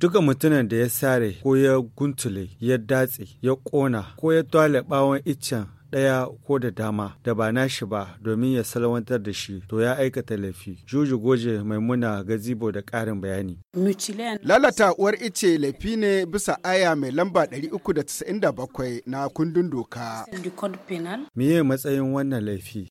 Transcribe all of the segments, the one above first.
Duka mutumin da ya sare ko ya guntule, ya datse, ya ƙona ko ya tole bawon iccen ɗaya ko da dama da ba nashi ba domin ya salwantar da shi to ya aikata laifi. Juju goje maimuna gazibo da ƙarin bayani. Lalata uwar ice laifi ne bisa aya mai lamba 397 na kundin doka. Miye matsayin wannan laifi?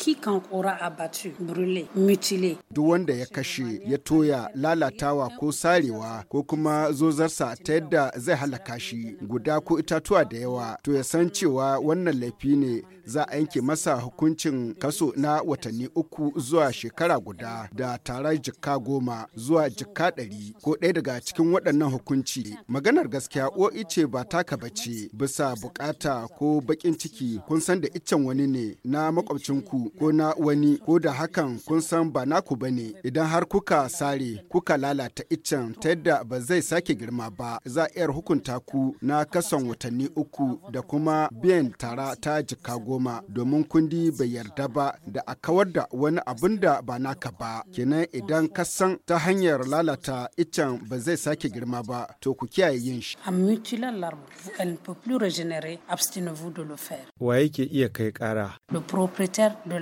quiconque aura abattu, brûlé, mutilé. Duk wanda ya kashe, ya toya, lalatawa ko sarewa ko kuma zozarsa ta yadda zai halaka shi guda ko itatuwa da yawa to ya san cewa wannan laifi ne za a yanke masa hukuncin kaso na watanni uku zuwa shekara guda da tara jikka goma zuwa jikka ɗari ko ɗaya daga cikin waɗannan hukunci maganar gaskiya o ice ba taka bace bisa bukata ko baƙin ciki kun san da iccen wani ne na makwabcinku ko na wani ko da hakan kun san ba naku ba ne idan har kuka sare kuka lalata iccen ta yadda ba zai sake girma ba za a iyar hukunta ku na kasan watanni uku da kuma biyan tara ta jika goma domin kundi bai yarda ba da a kawar da wani abun da ba naka ba kenan idan ka san ta hanyar lalata iccen ba zai sake girma ba to ku kiyaye yin shi. Wa yake iya kai kara? Le propriétaire de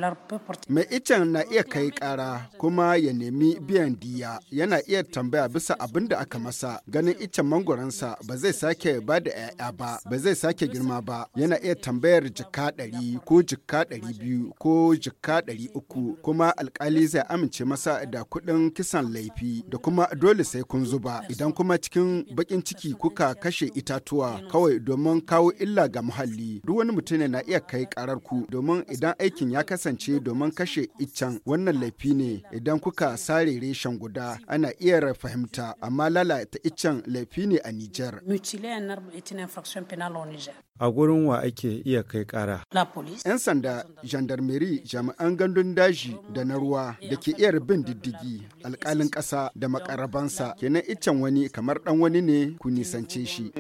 Mai icen na iya kai kara kuma ya nemi biyan diya yana iya tambaya bisa abin da aka masa ganin icen mangoransa ba zai sake ba da 'ya'ya ba ba zai sake girma ba yana iya tambayar jika ɗari ko jika ɗari biyu ko jika ɗari uku kuma alkali zai amince masa da kuɗin kisan laifi da kuma dole sai kun zuba idan kuma cikin baƙin ciki kuka kashe itatuwa kawai domin kawo illa ga muhalli duk wani mutum na iya kai karar ku domin idan aikin ya kasa. kasance domin kashe iccen wannan laifi ne idan kuka sare reshen guda ana iya fahimta amma lalata iccen laifi ne a Nijar. A gurin wa ake iya kai kara. 'Yan sanda, gendarmerie, jami'an gandun daji da na ruwa da ke iya bin diddigi alkalin ƙasa da makarabansa kenan iccen wani kamar ɗan wani ne ku nisance shi.